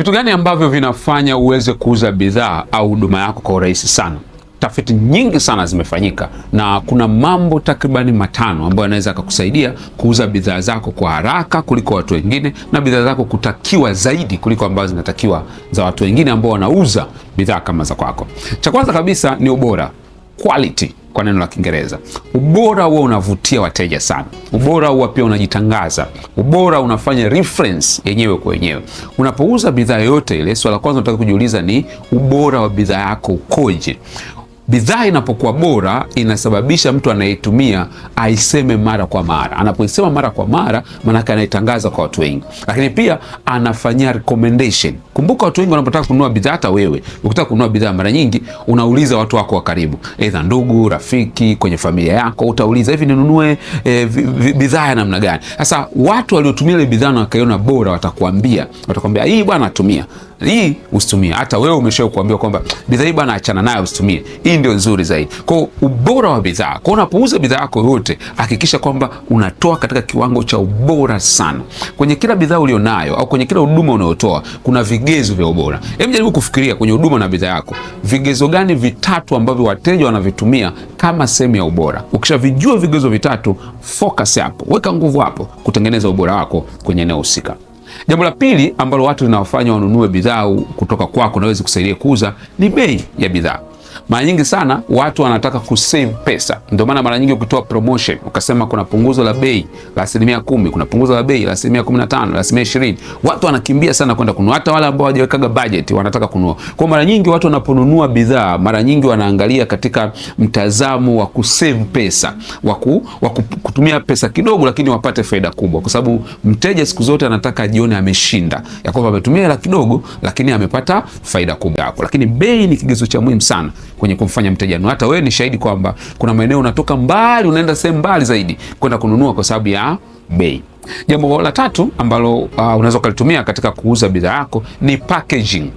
vitu gani ambavyo vinafanya uweze kuuza bidhaa au huduma yako kwa urahisi sana? Tafiti nyingi sana zimefanyika na kuna mambo takribani matano ambayo yanaweza akakusaidia kuuza bidhaa zako kwa haraka kuliko watu wengine na bidhaa zako kutakiwa zaidi kuliko ambazo zinatakiwa za watu wengine ambao wanauza bidhaa kama za kwako. Cha kwanza kabisa ni ubora, quality kwa neno la Kiingereza. Ubora huo unavutia wateja sana, ubora huo pia unajitangaza, ubora unafanya reference yenyewe kwa yenyewe. Unapouza bidhaa yoyote ile, swala la kwanza unataka kujiuliza ni ubora wa bidhaa yako ukoje? Bidhaa inapokuwa bora inasababisha mtu anayetumia aiseme mara kwa mara. Anapoisema mara kwa mara, maanake anaitangaza kwa watu wengi, lakini pia anafanyia recommendation. Kumbuka watu wengi wanapotaka kununua bidhaa, hata wewe ukitaka kununua bidhaa, mara nyingi unauliza watu wako wa karibu, aidha ndugu, rafiki, kwenye familia yako, utauliza hivi, ninunue e, bidhaa ya namna gani? Sasa watu waliotumia ile bidhaa na wakaiona bora watakuambia, watakuambia hii bwana, tumia hii, usitumie. Hata wewe umeshawahi kwamba bidhaa hii bwana, achana nayo, usitumie hii ndio nzuri zaidi. Kwa ubora wa bidhaa, kwa unapouza bidhaa yako yote, hakikisha kwamba unatoa katika kiwango cha ubora sana. Kwenye kila bidhaa ulionayo au kwenye kila huduma unayotoa kuna vigezo vya ubora. Hebu jaribu kufikiria kwenye huduma na bidhaa yako, vigezo gani vitatu ambavyo wateja wanavitumia kama sehemu ya ubora? Ukishavijua vigezo vitatu, focus hapo, weka nguvu hapo kutengeneza ubora wako kwenye eneo husika. Jambo la pili ambalo watu linawafanya wanunue bidhaa kutoka kwako na waweze kusaidia kuuza ni bei ya bidhaa. Mara nyingi sana watu wanataka kusave pesa, ndio maana mara nyingi ukitoa promotion ukasema kuna punguzo la bei la asilimia kumi, kuna punguzo la bei la asilimia kumi na tano, la asilimia ishirini, watu wanakimbia sana kwenda kununua. Hata wale ambao hawajawekaga budget wanataka kununua. Kwa mara nyingi watu wanaponunua bidhaa, mara nyingi wanaangalia katika mtazamo wa kusave pesa, wa kutumia pesa kidogo, lakini wapate faida kubwa, kwa sababu mteja siku zote anataka ajione ameshinda, ya kwamba ametumia hela kidogo, lakini amepata faida kubwa. yako. Lakini bei ni kigezo cha muhimu sana kwenye kumfanya mteja na hata wewe ni shahidi kwamba kuna maeneo unatoka mbali, unaenda sehemu mbali zaidi kwenda kununua kwa sababu ya bei. Jambo la tatu ambalo uh, unaweza ukalitumia katika kuuza bidhaa yako ni packaging.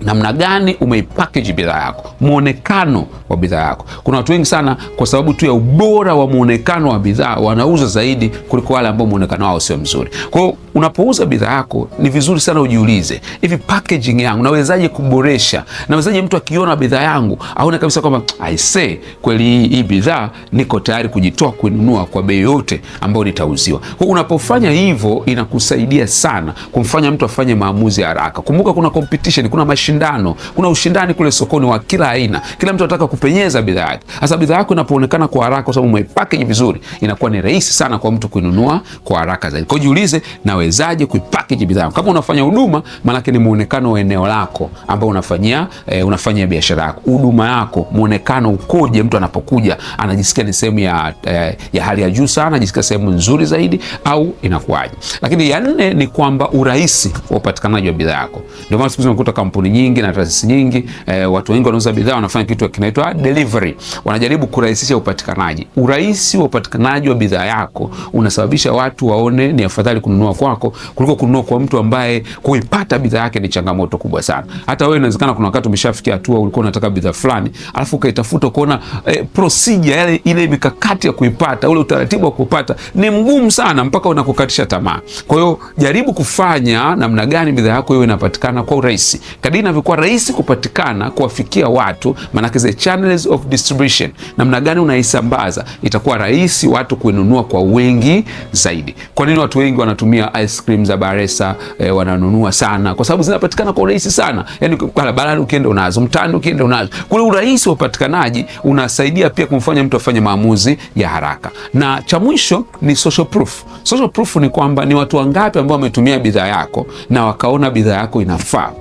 Namna gani umeipackage bidhaa yako, mwonekano wa bidhaa yako. Kuna watu wengi sana, kwa sababu tu ya ubora wa mwonekano wa bidhaa, wanauza zaidi kuliko wale ambao mwonekano wao sio mzuri. Kwa hiyo unapouza bidhaa yako ni vizuri sana ujiulize, hivi packaging yangu nawezaje kuboresha? Nawezaje mtu akiona bidhaa yangu aone kabisa kwamba I aisee, kweli hii bidhaa niko tayari kujitoa kuinunua kwa bei yote ambayo nitauziwa. Kwa unapofanya hivyo, inakusaidia sana kumfanya mtu afanye maamuzi haraka. Kumbuka kuna competition, kuna mashindano, kuna ushindani kule sokoni wa kila aina. Kila mtu anataka kupenyeza bidhaa yake. Sasa bidhaa yako inapoonekana kwa haraka, kwa sababu umeipackage vizuri, inakuwa ni rahisi sana kwa mtu kuinunua kwa haraka zaidi. Kwa jiulize, nawe unawezaje kuipackage bidhaa yako. Kama unafanya huduma, maanake ni muonekano wa eneo lako ambao unafanyia e, unafanyia biashara yako, huduma yako, muonekano ukoje? Mtu anapokuja anajisikia ni sehemu ya, e, ya hali ya juu sana, anajisikia sehemu nzuri zaidi au inakuwaje? Lakini ya nne ni kwamba urahisi wa upatikanaji wa bidhaa yako. Ndio maana siku hizi unakuta kampuni nyingi na taasisi nyingi e, watu wengi wanauza bidhaa wanafanya kitu kinaitwa delivery, wanajaribu kurahisisha upatikanaji. Urahisi wa upatikanaji wa bidhaa yako unasababisha watu waone ni afadhali kununua kwako wako kuliko kununua kwa mtu ambaye kuipata bidhaa yake ni changamoto kubwa sana. Hata wewe inawezekana kuna wakati umeshafikia hatua ulikuwa unataka bidhaa fulani, alafu ukaitafuta ukaona eh, procedure yale ile mikakati ya kuipata, ule utaratibu wa kupata ni mgumu sana mpaka unakukatisha tamaa. Kwa hiyo jaribu kufanya namna gani bidhaa yako iwe inapatikana kwa urahisi. Kadiri inavyokuwa rahisi kupatikana, kuwafikia watu, maanake the channels of distribution, namna gani unaisambaza, itakuwa rahisi watu kuinunua kwa wengi zaidi. Kwa nini watu wengi wanatumia ice cream za Baresa e, wananunua sana kwa sababu zinapatikana kwa urahisi sana, yani barabarani ukienda unazo, mtaani ukienda unazo. Kule urahisi wa upatikanaji unasaidia pia kumfanya mtu afanye maamuzi ya haraka. Na cha mwisho ni social proof. Social proof ni kwamba ni watu wangapi ambao wametumia bidhaa yako na wakaona bidhaa yako inafaa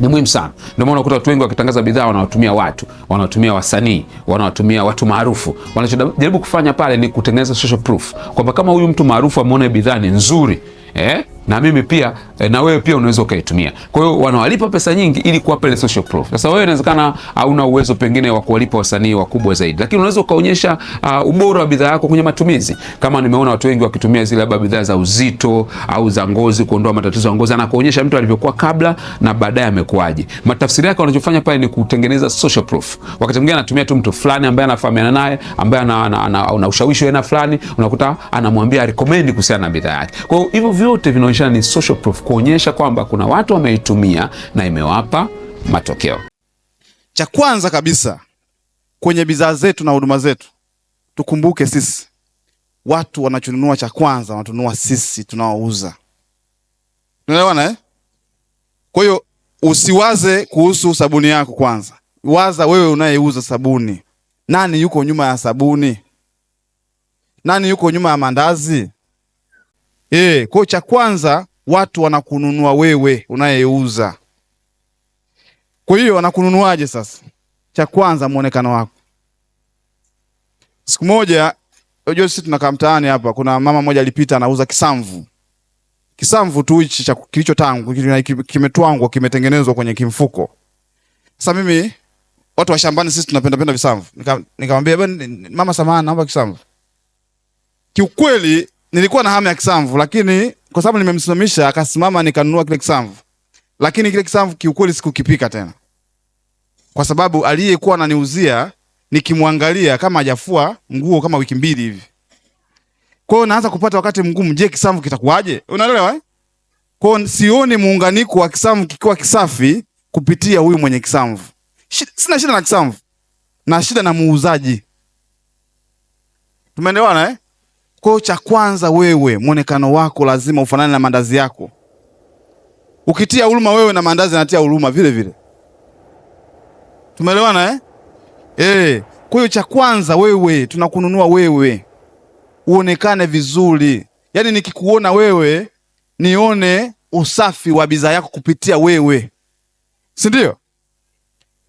ni muhimu sana. Ndio maana unakuta watu wengi wakitangaza bidhaa wanawatumia watu, wanawatumia wasanii, wanawatumia watu maarufu. Wanachojaribu kufanya pale ni kutengeneza social proof, kwamba kama huyu mtu maarufu ameona bidhaa ni nzuri eh? na mimi pia e, na wewe pia unaweza ukaitumia. Kwa hiyo wanawalipa pesa nyingi ili kuwapa ile social proof. Sasa wewe inawezekana hauna uwezo pengine wa kuwalipa wasanii wakubwa zaidi, lakini unaweza ukaonyesha uh, ubora wa bidhaa yako kwenye matumizi. Kama nimeona watu wengi wakitumia zile labda bidhaa za uzito au za ngozi, kuondoa matatizo ya ngozi, na kuonyesha mtu alivyokuwa kabla na baadaye amekuaje. Matafsiri yake wanachofanya pale ni kutengeneza social proof. Wakati mwingine anatumia tu mtu fulani ambaye anafahamiana naye, ambaye ana ushawishi wa aina fulani, unakuta anamwambia recommend kuhusiana na bidhaa yake. Kwa hiyo hivyo vyote vina biashara ni social proof, kuonyesha kwamba kuna watu wameitumia na imewapa matokeo. Cha kwanza kabisa kwenye bidhaa zetu na huduma zetu tukumbuke sisi watu wanachonunua, cha kwanza wanatunua sisi tunaouza. Unaelewana eh? Kwa hiyo usiwaze kuhusu sabuni yako kwanza, waza wewe unayeuza sabuni. Nani yuko nyuma ya sabuni? Nani yuko nyuma ya mandazi? E, kwa cha kwanza watu wanakununua wewe unayeuza. Kwa hiyo wanakununuaje sasa? Cha kwanza muonekano wako. Siku moja unajua sisi tunakaa mtaani hapa, kuna mama mmoja alipita anauza kisamvu. Kisamvu tu hichi cha kilicho tangu kimetwangwa kimetengenezwa kwenye kimfuko. Sasa mimi watu wa shambani sisi tunapenda penda visamvu. Nikamwambia nika mama, samahani naomba kisamvu. Kiukweli nilikuwa na hamu ya kisamvu, lakini kwa sababu nimemsimamisha akasimama, nikanunua kile kisamvu, lakini kile kisamvu kiukweli sikukipika tena, kwa sababu aliyekuwa ananiuzia nikimwangalia kama hajafua nguo kama wiki mbili hivi. Kwa hiyo naanza kupata wakati mgumu, je, kisamvu kitakuwaje? Unaelewa eh? Kwa hiyo sioni muunganiko wa kisamvu kikiwa kisafi kupitia huyu mwenye kisamvu. Sina shida na kisamvu, na shida na muuzaji. Tumeelewana eh? Kwa hiyo cha kwanza, wewe mwonekano wako lazima ufanane na mandazi yako. Ukitia huruma wewe na mandazi anatia huruma vile vile. Tumeelewana eh? Eh, kwa hiyo cha kwanza wewe, tunakununua wewe uonekane vizuri, yaani nikikuona wewe nione usafi wa bidhaa yako kupitia wewe, si ndio?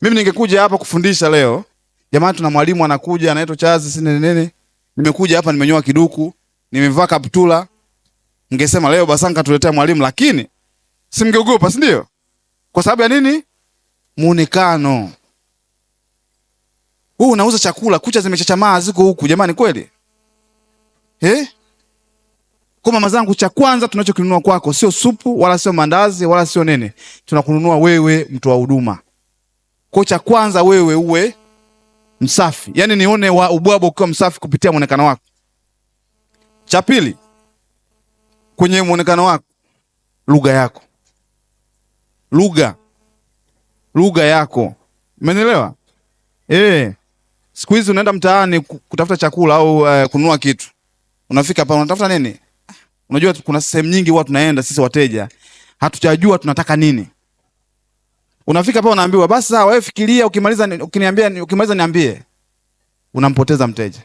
Mimi ningekuja hapa kufundisha leo, jamani, tuna mwalimu anakuja anaitwa Chazi sini nini nimekuja hapa nimenyoa kiduku, nimevaa kaptula, ningesema leo Basanka tuletea mwalimu, lakini simgeogopa, si ndio? Kwa sababu ya nini? Muonekano huu. Unauza chakula, kucha zimechachamaa ziko huku, jamani, kweli eh? Kwa mama zangu, cha kwanza tunachokinunua kwako sio supu wala sio mandazi wala sio nene, tunakununua wewe, mtu wa huduma. Kwa cha kwanza wewe uwe msafi, yaani nione wa ubwabwa ukiwa msafi kupitia mwonekano wako. Cha pili, kwenye mwonekano wako, lugha yako, lugha lugha yako, umenielewa? Eh, siku hizi unaenda mtaani kutafuta chakula au uh, kununua kitu, unafika pale unatafuta nini? Unajua kuna sehemu nyingi huwa tunaenda sisi wateja hatujajua tunataka nini Unafika pale unaambiwa basi sawa, wewe fikiria, ukimaliza ukiniambia, ukimaliza niambie. Unampoteza mteja.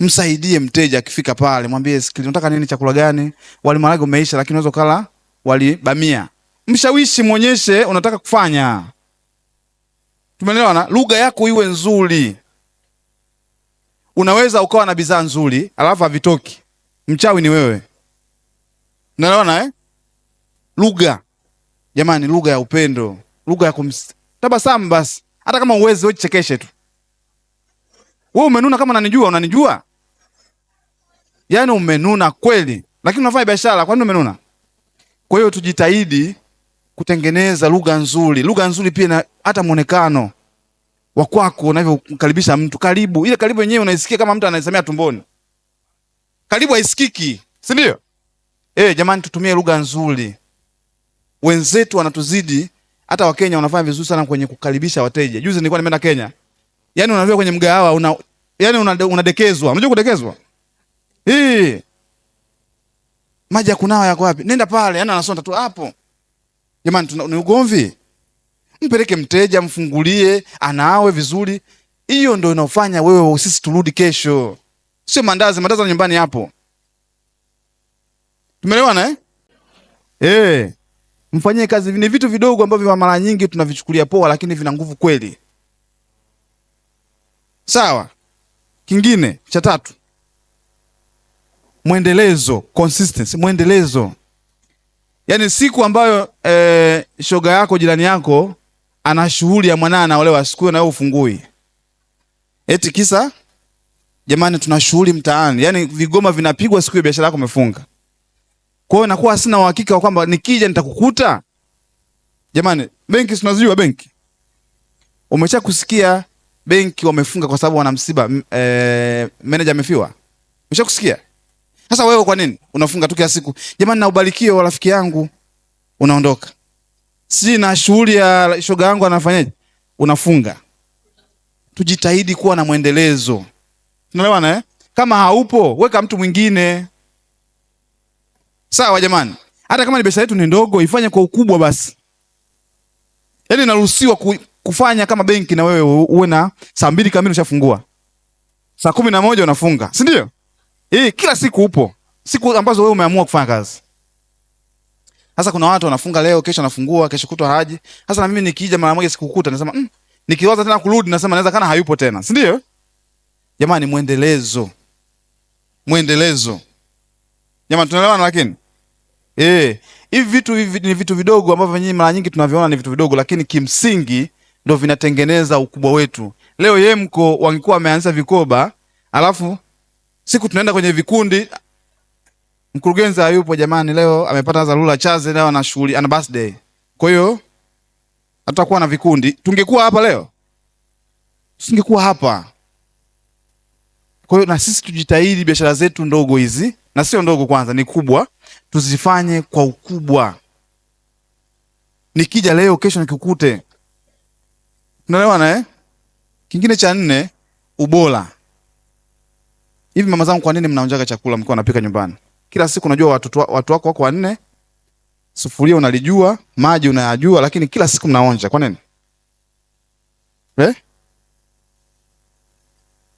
Msaidie mteja akifika pale, mwambie sikiliza, unataka nini, chakula gani? Wali maharage umeisha, lakini unaweza kula wali bamia. Mshawishi, mwonyeshe unataka kufanya. Tumeelewana? Lugha yako iwe nzuri. Unaweza ukawa na bidhaa nzuri alafu havitoki. Mchawi ni wewe. Unaelewana eh? Lugha Jamani, lugha ya upendo, lugha ya kumtabasamu basi, hata kama uwezi wewe, chekeshe tu. Wewe umenuna kama unanijua, unanijua yaani umenuna kweli, lakini unafanya biashara, kwani umenuna? Kwa hiyo tujitahidi kutengeneza lugha nzuri, lugha nzuri pia na hata mwonekano wa kwako unavyomkaribisha mtu. Karibu ile karibu yenyewe unaisikia kama mtu anaisemea tumboni, karibu haisikiki, si ndio? Eh, jamani, tutumie lugha nzuri wenzetu wanatuzidi. Hata Wakenya wanafanya vizuri sana kwenye kukaribisha wateja. Juzi nilikuwa nimeenda Kenya, yani unaambiwa kwenye mgahawa una, yani unadekezwa. Unajua kudekezwa hii maji ya kunawa yako wapi? Nenda pale, yani anasonta tu hapo. Jamani, ni ugomvi? Mpeleke mteja, mfungulie, anawe vizuri. Hiyo ndio inaofanya wewe sisi turudi kesho, sio mandazi. Mandazi nyumbani hapo, tumeelewana eh? Hey. Eh mfanyie kazi. Ni vitu vidogo ambavyo mara nyingi tunavichukulia poa, lakini vina nguvu kweli. Sawa. Kingine cha tatu, mwendelezo, consistency, mwendelezo. Yaani siku ambayo e, shoga yako jirani yako ana shughuli ya mwanaa anaolewa, siku hiyo na ufungui, eti kisa jamani, tuna shughuli mtaani, yaani vigoma vinapigwa siku ya biashara yako imefunga. Kwa hiyo nakuwa sina uhakika wa kwamba nikija nitakukuta. Jamani, benki tunazijua benki. Umesha kusikia benki wamefunga kwa sababu wana msiba e, manager amefiwa. Umesha kusikia? Sasa wewe kwa nini unafunga tu kila siku? Jamani, na ubarikiwe wa rafiki yangu unaondoka. Si na shughuli ya shoga yangu anafanyaje? Unafunga. Tujitahidi kuwa na mwendelezo. Unaelewana eh? Kama haupo, weka mtu mwingine. Sawa jamani, hata kama ni biashara yetu ni ndogo, ifanye kwa ukubwa basi. Yaani naruhusiwa ku, kufanya kama benki, na wewe uwe na saa mbili kamili ushafungua, saa kumi na moja unafunga, si ndio? Eh, kila siku upo siku ambazo wewe umeamua kufanya kazi. Sasa kuna watu wanafunga leo, kesho anafungua, kesho kutwa haji. Sasa na mimi nikija mara moja sikukuta, nasema mm, nikiwaza tena kurudi, nasema naweza kana hayupo tena, si ndio? Jamani, mwendelezo, mwendelezo Jamani, tunaelewana lakini eh, hivi vitu hivi ni vitu vidogo ambavyo nyinyi mara nyingi tunaviona ni vitu vidogo, lakini kimsingi ndio vinatengeneza ukubwa wetu. Leo Yemko wangekuwa wameanza vikoba, alafu siku tunaenda kwenye vikundi, mkurugenzi hayupo jamani, leo amepata dharura chaze, leo ana shughuli, ana birthday, kwa hiyo hatakuwa na vikundi. Tungekuwa hapa leo, tusingekuwa hapa. Kwa hiyo na sisi tujitahidi biashara zetu ndogo hizi na sio ndogo, kwanza ni kubwa, tuzifanye kwa ukubwa. Nikija leo, kesho nikikute. Unaelewana eh? Kingine cha nne, ubora. Hivi mama zangu, kwa nini mnaonjaga chakula mkiwa napika nyumbani kila siku? Unajua watu, watu wako wako wanne, sufuria unalijua, maji unayajua, lakini kila siku mnaonja kwa nini eh?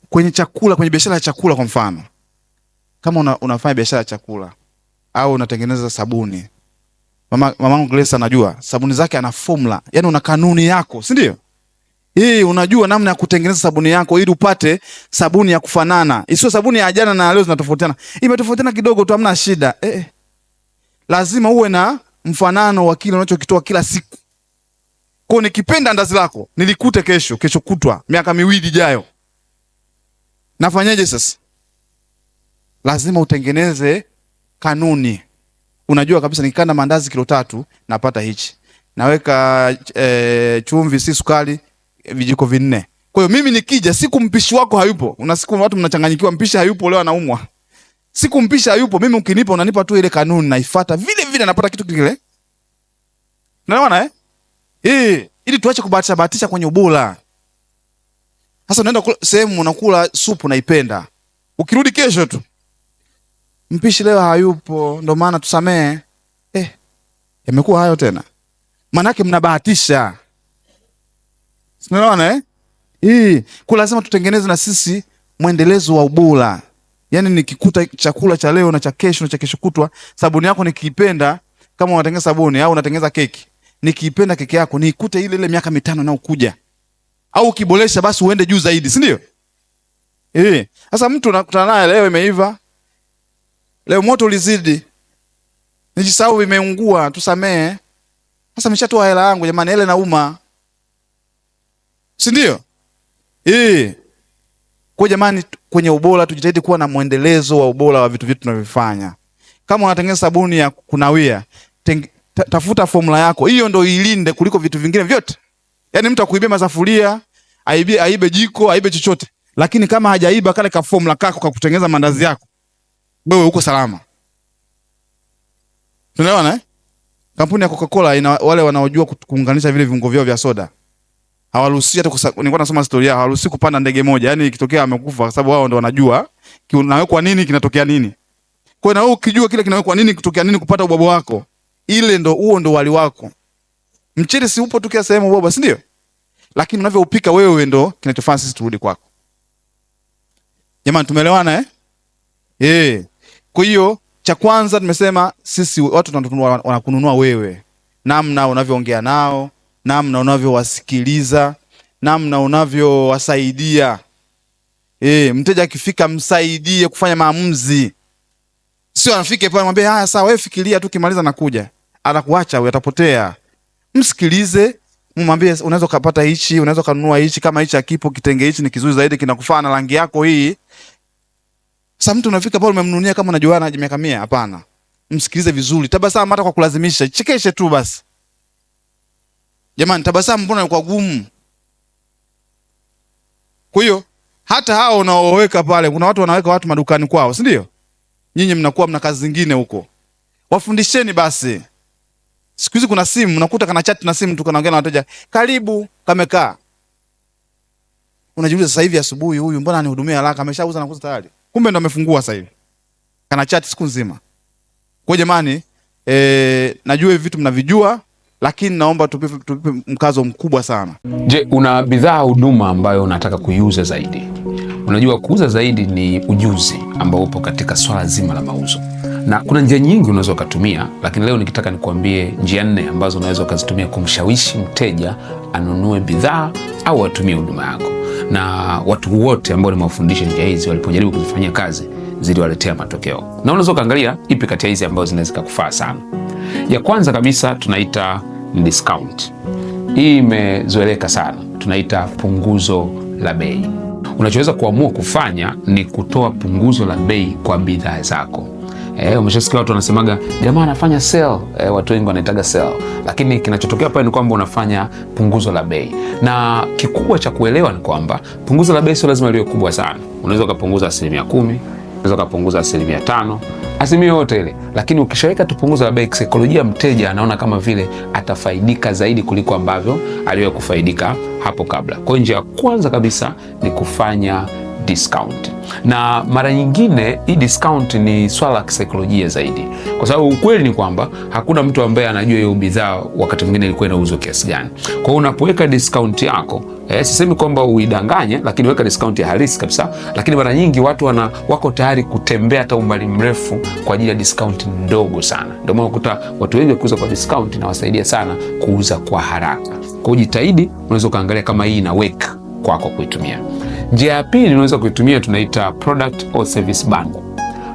Kwenye chakula, kwenye biashara ya chakula kwa mfano kama una, unafanya biashara ya chakula au unatengeneza sabuni. Mama mamangu Grace anajua sabuni zake, ana formula, yani una kanuni yako, si ndio? Hii unajua namna ya kutengeneza sabuni yako ili upate sabuni ya kufanana. Isiyo sabuni ya jana na leo zinatofautiana. Imetofautiana kidogo tu hamna shida. Eh. eh. Lazima uwe na mfanano wa kile unachokitoa kila siku. Kwa nikipenda andazi lako, nilikute kesho, kesho kutwa, miaka miwili ijayo. Nafanyaje sasa? lazima utengeneze kanuni. Unajua kabisa nikikanda mandazi kilo tatu napata hichi, naweka e, chumvi, si sukari, vijiko vinne. Kwa hiyo mimi nikija, siku mpishi wako hayupo, una siku watu mnachanganyikiwa, mpishi hayupo leo anaumwa, siku mpishi hayupo, mimi ukinipa, unanipa tu ile kanuni, naifuata vile vile, napata kitu kile. Unaona eh? hii ili tuache kubahatisha bahatisha kwenye ubora. Sasa unaenda sehemu unakula supu naipenda, ukirudi kesho tu mpishi leo hayupo, ndo maana tusamee. Eh, yamekuwa hayo tena, maanake mnabahatisha. Sinaona eh? Hii kwa lazima tutengeneze na sisi mwendelezo wa ubora. Yaani nikikuta chakula cha leo na cha kesho na cha kesho kutwa, sabuni yako nikiipenda, kama unatengeneza sabuni au unatengeneza keki, nikiipenda keki yako niikute ile ile miaka mitano na ukuja. Au ukiboresha basi uende juu zaidi, si ndio? Eh. Sasa mtu unakutana naye leo imeiva, Leo moto ulizidi, nijisahau, vimeungua, tusamehe. Sasa nimeshatoa hela yangu jamani, hela inauma, si ndio? Eh, kwa jamani, kwenye ubora tujitahidi kuwa na mwendelezo wa ubora wa vitu vyetu tunavyofanya. Kama unatengeneza sabuni ya kunawia teng, ta, tafuta formula yako hiyo, ndio ilinde kuliko vitu vingine vyote. Yaani mtu akuibia masafuria aibe, aibe jiko aibe chochote, lakini kama hajaiba kale ka formula kako kutengeneza mandazi yako wewe uko salama. Tunaelewana eh? Kampuni ya Coca-Cola ina wale wanaojua kuunganisha vile viungo vyao vya soda. Hawaruhusi hata nilikuwa nasoma story yao, hawaruhusi kupanda ndege moja. Yaani ikitokea amekufa kwa sababu wao ndio wanajua kinawekwa nini, kinatokea nini. Kwa hiyo na wewe ukijua kile kinawekwa nini, kitokea nini kupata ubwabwa wako. Ile ndo huo ndo wali wako. Mchele si upo tu kila sehemu baba, si ndio? Lakini unavyoupika wewe ndo kinachofanya sisi turudi kwako. Jamani tumeelewana eh? Eh. Kwa hiyo cha kwanza tumesema sisi watu wanakununua wewe, namna unavyoongea nao, namna unavyowasikiliza, namna unavyowasaidia. E, mteja akifika msaidie kufanya maamuzi, sio anafike pale mwambie haya sawa, wewe fikiria tu, kimaliza nakuja. Atakuacha wewe, atapotea. Msikilize, mwambie unaweza ukapata hichi, unaweza ukanunua hichi, kama hichi akipo kitenge hichi ni kizuri zaidi, kinakufaa na rangi yako hii sasa mtu unafika pale umemnunia kama unajua na miaka 100, hapana. Msikilize vizuri. Tabasamu hata kwa kulazimisha, chekeshe tu basi. Jamani, tabasamu mbona kwa gumu? Kwa hiyo hata hao unaoweka pale, kuna watu wanaweka watu madukani kwao, si ndio? Nyinyi mnakuwa mna kazi zingine huko. Wafundisheni basi. Siku hizi kuna simu, unakuta kana chat na simu, tukanaongea na wateja. Karibu, kamekaa. Unajiuliza sasa hivi asubuhi, huyu mbona anihudumia haraka, ameshauza na kuuza tayari kumbe ndo amefungua sasa hivi, kana chat siku nzima. Kwa jamani, e, najua hivi vitu mnavijua, lakini naomba tupipe, tupipe mkazo mkubwa sana. Je, una bidhaa huduma ambayo unataka kuiuza zaidi? Unajua, kuuza zaidi ni ujuzi ambao upo katika swala zima la mauzo, na kuna njia nyingi unaweza ukatumia, lakini leo nikitaka nikuambie njia nne ambazo unaweza ukazitumia kumshawishi mteja anunue bidhaa au atumie huduma yako na watu wote ambao nimewafundisha njia hizi walipojaribu kuzifanyia kazi ziliwaletea matokeo, na unaweza ukaangalia ipi kati ya hizi ambazo zinaweza kukufaa sana. Ya kwanza kabisa tunaita ni discount. Hii imezoeleka sana, tunaita punguzo la bei. Unachoweza kuamua kufanya ni kutoa punguzo la bei kwa bidhaa zako. Eh, umeshasikia watu wanasemaga jamaa anafanya sale, eh, watu wengi wanaitaga sale, lakini kinachotokea pale ni kwamba unafanya punguzo la bei, na kikubwa cha kuelewa ni kwamba punguzo la bei sio lazima liwe kubwa sana. Unaweza ukapunguza asilimia kumi, unaweza ukapunguza asilimia tano, asilimia yoyote ile, lakini ukishaweka tu punguzo la bei, kisaikolojia mteja anaona kama vile atafaidika zaidi kuliko ambavyo aliwahi kufaidika hapo kabla. Kwa hiyo njia ya kwanza kabisa ni kufanya discount. Na mara nyingine hii discount ni swala la kisaikolojia zaidi, kwa sababu ukweli ni kwamba hakuna mtu ambaye anajua hiyo bidhaa wakati mwingine ilikuwa inauzwa kiasi gani. Kwa hiyo unapoweka discount yako Eh, sisemi kwamba uidanganye, lakini weka discount ya halisi kabisa. Lakini mara nyingi watu wana, wako tayari kutembea hata umbali mrefu kwa ajili ya discount ndogo sana. Ndio maana ukuta watu wengi wakiuza kwa discount inawasaidia sana kuuza kwa haraka. Kwa hiyo jitahidi, unaweza ukaangalia kama hii inaweka kwako kuitumia. Njia ya pili unaweza kuitumia, tunaita product or service bundle.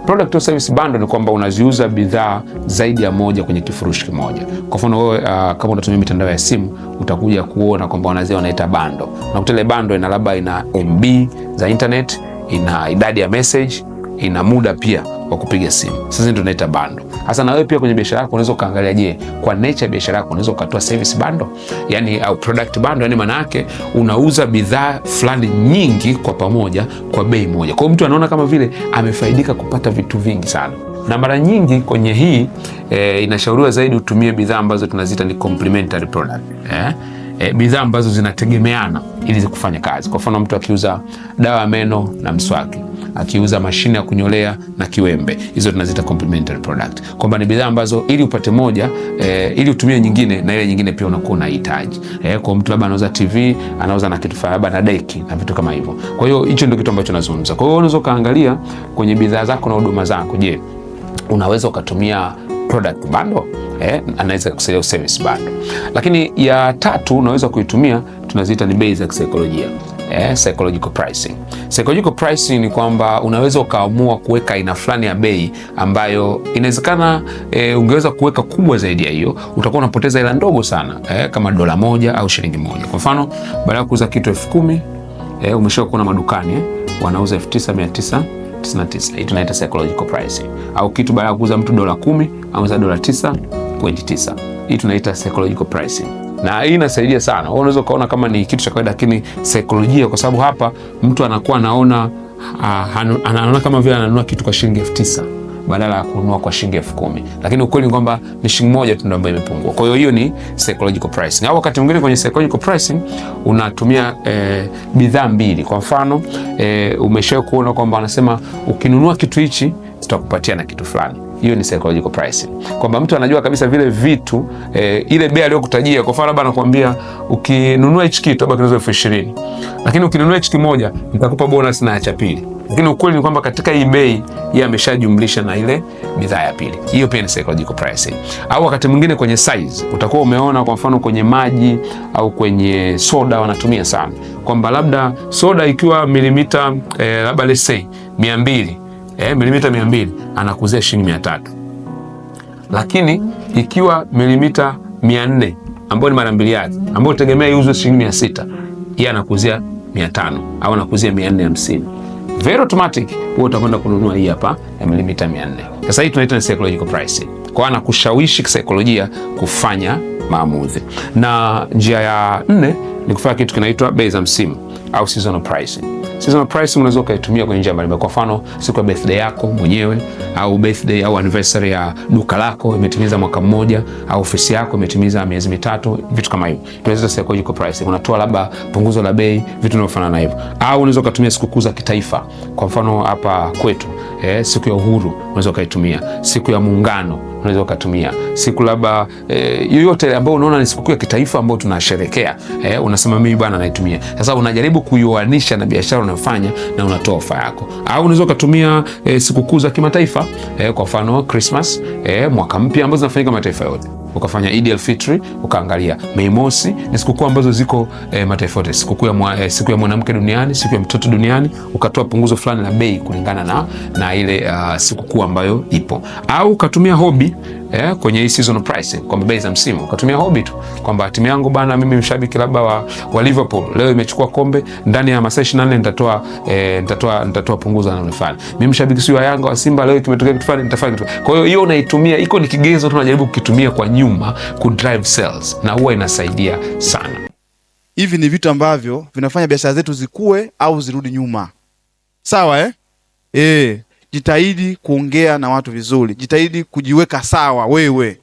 Product or service bundle ni kwamba unaziuza bidhaa zaidi ya moja kwenye kifurushi kimoja. Kwa mfano wewe, uh, kama unatumia mitandao ya simu utakuja kuona kwamba wanazia wanaita bando. Unakuta ile bando ina labda ina MB za internet, ina idadi ya message, ina muda pia wa kupiga simu. Sasa ndio tunaita bando. Sasa na wewe pia kwenye biashara yako unaweza ukaangalia, je, kwa nature biashara yako unaweza ukatoa service bando, yani au product bando, yani maana yake unauza bidhaa fulani nyingi kwa pamoja kwa bei moja. Kwa hiyo mtu anaona kama vile amefaidika kupata vitu vingi sana na mara nyingi kwenye hii e, inashauriwa zaidi utumie bidhaa ambazo tunaziita ni complementary product eh? E, bidhaa ambazo zinategemeana ili zikufanya kazi. Kwa mfano mtu akiuza dawa ya meno na mswaki akiuza mashine ya kunyolea na kiwembe. Hizo tunazita complementary product, kwamba ni bidhaa ambazo ili upate moja e, ili utumie nyingine na ile nyingine pia unakuwa unahitaji e, kwa mtu labda anauza TV anauza na kitu fulani na deki na vitu kama hivyo. Kwa hiyo hicho ndio kitu ambacho nazungumza. Kwa hiyo unaweza kaangalia kwenye bidhaa zako na huduma zako, je, unaweza ukatumia product bundle eh, anaweza kusaidia service bundle. Lakini ya tatu unaweza kuitumia, tunaziita ni bei za kisaikolojia eh, psychological pricing. Psychological pricing ni kwamba unaweza ukaamua kuweka aina fulani ya bei ambayo inawezekana eh, ungeweza kuweka kubwa zaidi ya hiyo, utakuwa unapoteza hela ndogo sana eh, kama dola moja au shilingi moja. Kwa mfano, baada ya kuuza kitu elfu kumi eh, umeshawahi kuona madukani eh, wanauza elfu tisa mia tisa hii tunaita psychological pricing. Au kitu baada ya kuuza mtu dola kumi, ameuza dola 9.9. Hii tunaita psychological pricing na hii inasaidia sana. Unaweza ukaona kama ni kitu cha kawaida, lakini saikolojia, kwa sababu hapa mtu anakuwa anaona uh, anaona kama vile ananunua kitu kwa shilingi elfu tisa badala ya kununua kwa shilingi elfu kumi lakini ukweli ni kwamba ni shilingi moja tu ndio ambayo imepungua. Kwa hiyo hiyo ni psychological pricing, au wakati mwingine kwenye psychological pricing unatumia eh, bidhaa mbili. Kwa mfano eh, umeshawahi kuona kwamba anasema ukinunua kitu hichi tutakupatia na kitu fulani hiyo ni psychological pricing, kwamba mtu anajua kabisa vile vitu e, ile bei aliyokutajia. Kwa mfano, labda anakuambia ukinunua hichi kitu labda kinauza elfu ishirini lakini ukinunua hichi kimoja nitakupa bonus na cha pili, lakini ukweli ni kwamba katika hii bei yeye ameshajumlisha na ile bidhaa ya pili. Hiyo pia ni psychological pricing. Au wakati mwingine kwenye size utakuwa umeona, kwa mfano kwenye maji au kwenye soda wanatumia sana kwamba labda soda ikiwa milimita e, labda let's say mia mbili eh, milimita mia mbili anakuzia shilingi mia tatu lakini ikiwa milimita mia nne ambayo ni mara mbili yake ambayo utegemea iuzwe shilingi mia sita yeye anakuzia mia tano au anakuzia mia nne hamsini very automatic wewe utakwenda kununua hii hapa ya milimita 400. Sasa hii tunaita ni psychological pricing. Kwa anakushawishi kisaikolojia kufanya maamuzi. Na njia ya nne ni kufanya kitu kinaitwa bei za msimu au seasonal pricing. Seasonal pricing unaweza ukaitumia kwenye njia mbalimbali. Kwa mfano, siku ya birthday yako mwenyewe au birthday au anniversary ya duka lako imetimiza mwaka mmoja, au ofisi yako imetimiza miezi mitatu, vitu kama hivyo. Tunaweza psychological pricing, unatoa labda punguzo la bei, vitu vinavyofanana na hivyo. Au unaweza kutumia siku kuu za kitaifa. Kwa mfano hapa kwetu eh, siku ya uhuru unaweza ukaitumia, siku ya muungano unaweza ukatumia siku labda eh, yoyote ambayo unaona ni siku kuu ya kitaifa ambayo tunasherehekea, eh, unasema mimi bwana naitumia. Sasa unajaribu kuioanisha na biashara unafanya na unatoa ofa yako, au unaweza ukatumia e, sikukuu za kimataifa e, kwa mfano Christmas e, mwaka mpya ambazo zinafanyika mataifa yote ukafanya Idi Elfitri, ukaangalia Mei Mosi, ni sikukuu ambazo ziko e, mataifa yote, siku ya siku ya mwanamke duniani, siku ya mtoto duniani, ukatoa punguzo fulani la bei kulingana na, na ile uh, sikukuu ambayo ipo, au ukatumia hobi yeah, kwenye hii season pricing kwamba bei za msimu ukatumia hobi tu kwamba timu yangu bana, mimi mshabiki labda wa, wa Liverpool leo imechukua kombe, ndani ya masaa 24 nitatoa eh, nitatoa nitatoa punguza na unifanya mimi mshabiki sio wa Yanga wa Simba, leo kimetokea kitu fulani nitafanya kitu. Kwa hiyo hiyo unaitumia iko ni kigezo tunajaribu kukitumia kwa nyuma ku drive sales na huwa inasaidia sana. Hivi ni vitu ambavyo vinafanya biashara zetu zikue au zirudi nyuma, sawa eh? Eh jitahidi kuongea na watu vizuri, jitahidi kujiweka sawa wewe,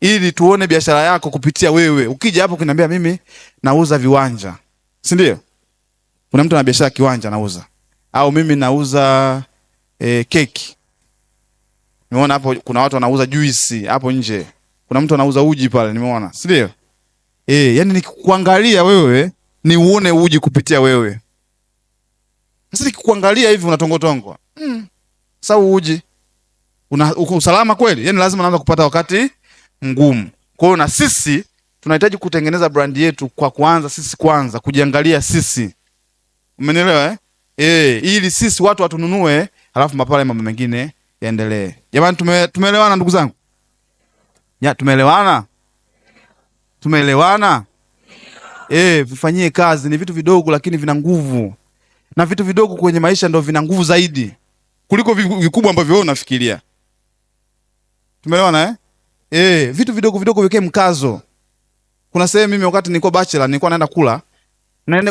ili tuone biashara yako kupitia wewe. Ukija hapo kuniambia mimi nauza viwanja, si ndio? Kuna mtu ana biashara kiwanja nauza, au mimi nauza e, keki. Nimeona hapo kuna watu wanauza juisi hapo nje, kuna mtu anauza uji pale, nimeona, si ndio? E, yani nikikuangalia wewe ni uone uji kupitia wewe. Sasa nikikuangalia hivi unatongotongwa mm. Sasa uji una uko usalama kweli? Yani lazima naanza kupata wakati ngumu. Kwa hiyo na sisi tunahitaji kutengeneza brandi yetu kwa kuanza sisi kwanza, kujiangalia sisi, umenielewa eh? E, ili sisi watu watununue, halafu mapale mambo mengine yaendelee. Jamani, tume, tumeelewana ndugu zangu ya tumeelewana, tumeelewana e, vifanyie kazi. Ni vitu vidogo lakini vina nguvu, na vitu vidogo kwenye maisha ndio vina nguvu zaidi kuliko vikubwa ambavyo wewe unafikiria. Tumeelewana eh? Eh, vitu vidogo vidogo wekee mkazo. Kuna sehemu mimi wakati nilikuwa bachelor nilikuwa naenda kula.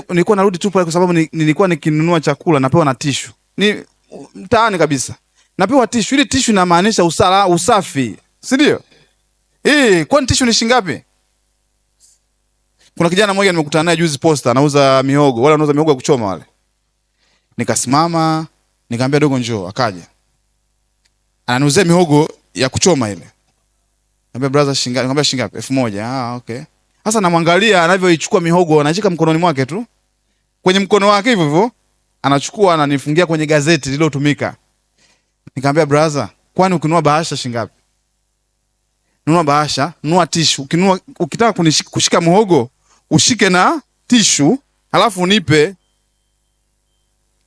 Nilikuwa narudi tu pale kwa sababu nilikuwa nikinunua chakula napewa na tishu. Ni mtaani kabisa. Napewa tishu. Ile tishu inamaanisha usala, usafi, si ndio? Eh, kwani tishu ni shilingi ngapi? Kuna kijana mmoja nimekutana naye juzi Posta, anauza mihogo. Wale wanauza mihogo ya kuchoma wale. Nikasimama Nikamwambia dogo njoo, akaja. Ananiuzia mihogo ya kuchoma ile. Nikamwambia brother shingapi? Nikamwambia shingapi? 1000. Ah, okay. Sasa namwangalia anavyoichukua mihogo, anashika mkononi mwake tu. Kwenye mkono wake hivyo hivyo anachukua ananifungia kwenye gazeti lililotumika. Nikamwambia brother, kwani ukinua bahasha shingapi? Nunua bahasha, nunua tishu. ukinua ukitaka kushika muhogo, ushike na tishu, halafu nipe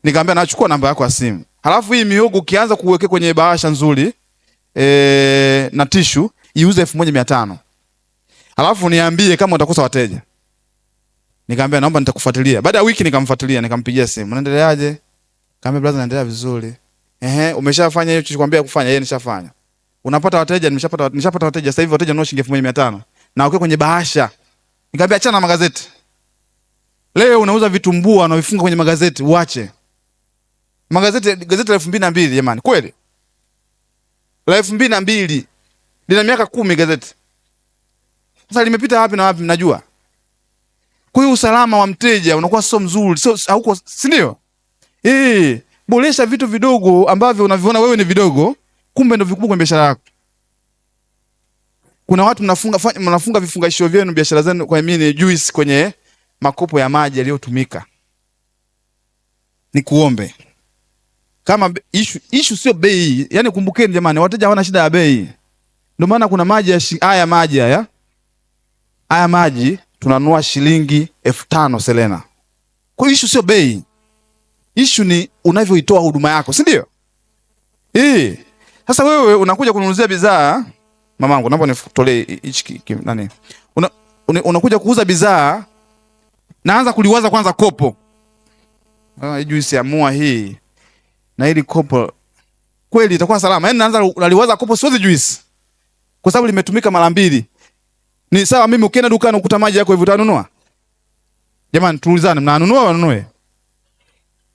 Nikamwambia nachukua namba yako ya simu. Halafu hii mihogo ukianza kuweke kwenye bahasha nzuri e, na tishu iuze 1500. Halafu niambie kama utakosa wateja. Nikamwambia naomba nitakufuatilia. Baada ya wiki nikamfuatilia, nikampigia simu. Unaendeleaje? Kaambia brother, naendelea vizuri. Ehe, umeshafanya hiyo nilichokuambia kufanya, yeye nishafanya. Unapata wateja, nimeshapata nishapata wateja. Sasa hivi wateja wanao shilingi 1500. Na ukiwa kwenye bahasha. Nikamwambia achana na magazeti. Leo unauza vitumbua na unavifunga kwenye magazeti, uache. Magazeti, gazeti la 2002 jamani, kweli la 2002 lina miaka kumi gazeti. Sasa limepita wapi na wapi? Mnajua. Kwa hiyo usalama wa mteja unakuwa sio mzuri, sio hauko, si ndio? Eh, boresha vitu vidogo ambavyo unaviona wewe ni vidogo, kumbe ndio vikubwa kwenye biashara yako. Kuna watu mnafunga mnafunga vifungashio vyenu biashara zenu, kwa mimi ni juice kwenye makopo ya maji yaliyotumika. Nikuombe kama issue issue sio bei. Yani kumbukeni jamani, wateja hawana shida ya bei. Ndio maana kuna maji ya haya maji haya haya maji tunanua shilingi elfu tano Selena. Kwa hiyo issue sio bei, issue ni unavyoitoa huduma yako, si ndio? Eh, sasa wewe unakuja kununuzia bidhaa mamangu, naomba nitolee hichi nani, una, una, unakuja kuuza bidhaa, naanza kuliwaza kwanza kopo, ah, juisi ya mua hii na hili kopo kweli itakuwa salama. Yaani naanza naliwaza kopo siwezi juice. Kwa sababu limetumika mara mbili. Ni sawa mimi ukienda dukani ukuta maji yako hivi utanunua? Jamani tuulizane mnanunua au wanunue?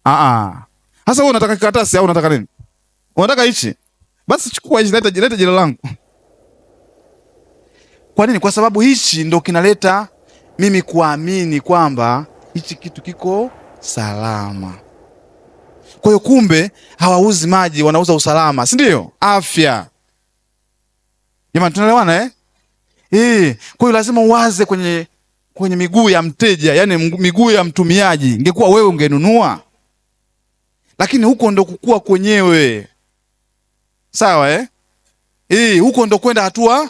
Ah ah. Hasa wewe unataka karatasi au unataka nini? Unataka hichi? Basi chukua hichi, leta leta jina langu. Kwa nini? Kwa sababu hichi ndo kinaleta mimi kuamini kwamba hichi kitu kiko salama. Kwa hiyo kumbe hawauzi maji, wanauza usalama, si ndio? Afya. Jamani, tunaelewana eh? Eh, kwa hiyo lazima uwaze kwenye kwenye miguu ya mteja, yani miguu ya mtumiaji. Ingekuwa wewe ungenunua, lakini huko ndo kukua kwenyewe, sawa eh? Eh, huko ndo kwenda hatua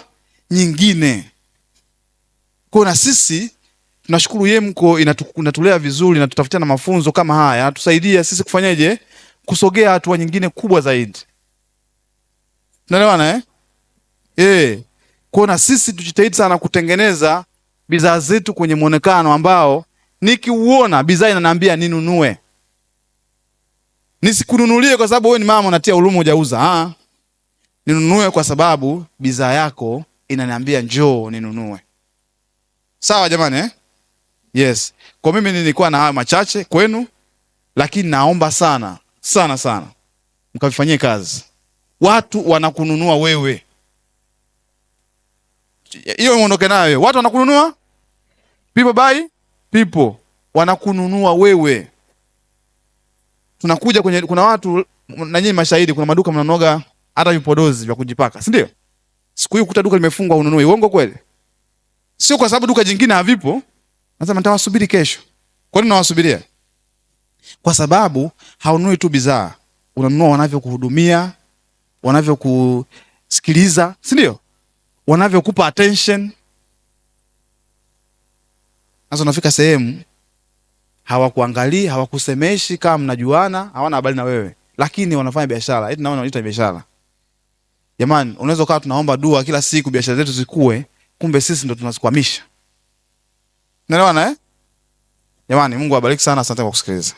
nyingine. Kwa na sisi tunashukuru Yemko inatulea vizuri na tutafutia na mafunzo kama haya, tusaidia sisi kufanyaje kusogea hatua nyingine kubwa zaidi. Unaelewana eh? Eh. Kwa na sisi tujitahidi sana kutengeneza bidhaa zetu kwenye mwonekano ambao nikiuona bidhaa inaniambia ninunue. Nisikununulie kwa sababu wewe ni mama unatia huruma hujauza. Ah. Ninunue kwa sababu bidhaa yako inaniambia njoo ninunue. Sawa jamani eh? Yes. Kwa mimi nilikuwa na hayo machache kwenu, lakini naomba sana sana sana mkavifanyie kazi. Watu wanakununua wewe, hiyo uondoke nayo. Watu wanakununua people buy people, wanakununua wewe. Tunakuja kwenye, kuna watu na nyinyi mashahidi, kuna maduka mnanoga hata vipodozi vya kujipaka, si ndio? Siku hiyo kuta duka limefungwa ununue, uongo kweli? Sio kwa sababu duka jingine havipo Nasema nitawasubiri kesho. Kwa nini nawasubiria? Kwa sababu haunui tu bidhaa, unanunua wanavyokuhudumia, wanavyokusikiliza, si ndio? Wanavyokupa attention. Sasa unafika sehemu hawakuangalii, hawakusemeshi, kama mnajuana, hawana habari na wewe, lakini wanafanya biashara, eti naona wanaita biashara. Jamani, unaweza ukawa tunaomba dua kila siku biashara zetu zikue, kumbe sisi ndo tunazikwamisha na eh? Jamani Mungu awabariki sana, asante kwa kusikiliza.